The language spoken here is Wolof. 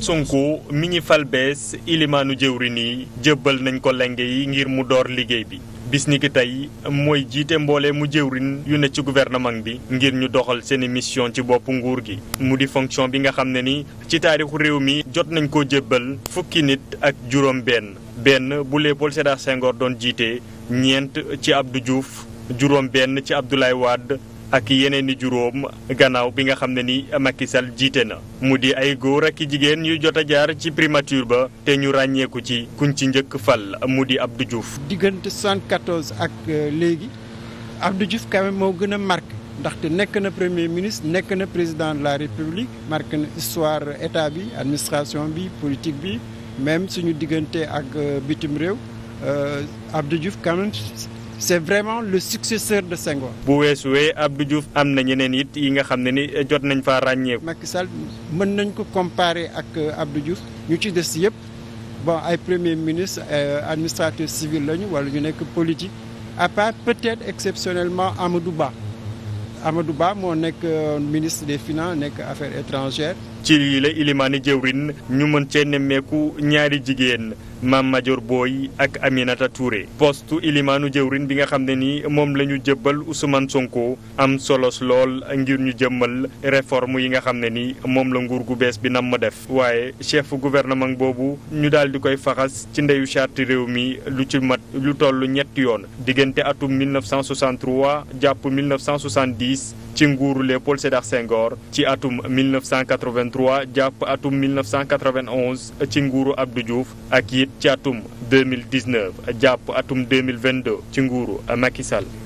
Sonko mi ñi fal bees ilimaanu jéwrin yi jébbal nañ ko lenge yi ngir mu door liggéey bi bis ni ki tey mooy jiite mboole mu jëwriñ yu ne ci gouvernement bi ngir ñu doxal seen mission ci bopp nguur gi mu di fonction bi nga xam ne ni ci taarixu réew mi jot nañ ko jébbal fukki nit ak juróom benn benn bu Léopold Sédar doon jiite ñeent ci Abdou Diouf juróom benn ci Abdoulaye Wade ak yeneen i juróom gannaaw bi nga xam ne ni Macky Sall jiite na mu di ay góor ak jigéen yu jot a jaar ci primature ba te ñu ràññeeku ci kuñ ci njëkk fal mu di Abdou Diouf. diggante 74 ak euh, léegi Abdou Diouf quand même moo gën a marqué ndaxte nekk na premier ministre nekk na président de la république marqué na histoire état bi administration bi politique bi même suñu diggante ak euh, bitim réew euh, Abdou Diouf quand même c'est vraiment le successeur de Senghor. bu weesuwee Abdou Diouf am na ñeneen it yi nga xam ne ni eh, jot nañ fa ràññeeku. Macky Sall mën nañ ko comparer ak eh, Abdou Diouf ñu ci des yëpp bon ay premier ministre eh, administrateur civil lañu wala ñu nekk politique à part peut-être exceptionnellement Amadou Ba Amadou Ba moo nekk ministre des finances nekk affaires étrangères. ci lii la ilimaani jëwrin ñu mën cee nemmeeku ñaari jigéen maam major Boye ak Aminata Touré postu ilimaanu jëwrin bi nga xam ne ni moom la ñu jëbbal Ousmane Sonko am solos lool ngir ñu jëmmal réforme yi nga xam ne ni moom la nguur gu bees bi nam ma def waaye chef gouvernement boobu ñu daal di koy faxas ci ndeyu charte réew mi lu ci mat lu toll ñetti yoon diggante atum 1963 jàpp 1970 ci nguuru Léopold Sédar Senghor ci atum 1983 1983 jàpp atum 1991 ci nguuru Abdou Diouf ak it ci atum 2019 jàpp atum 2022 ci nguuru Macky Sall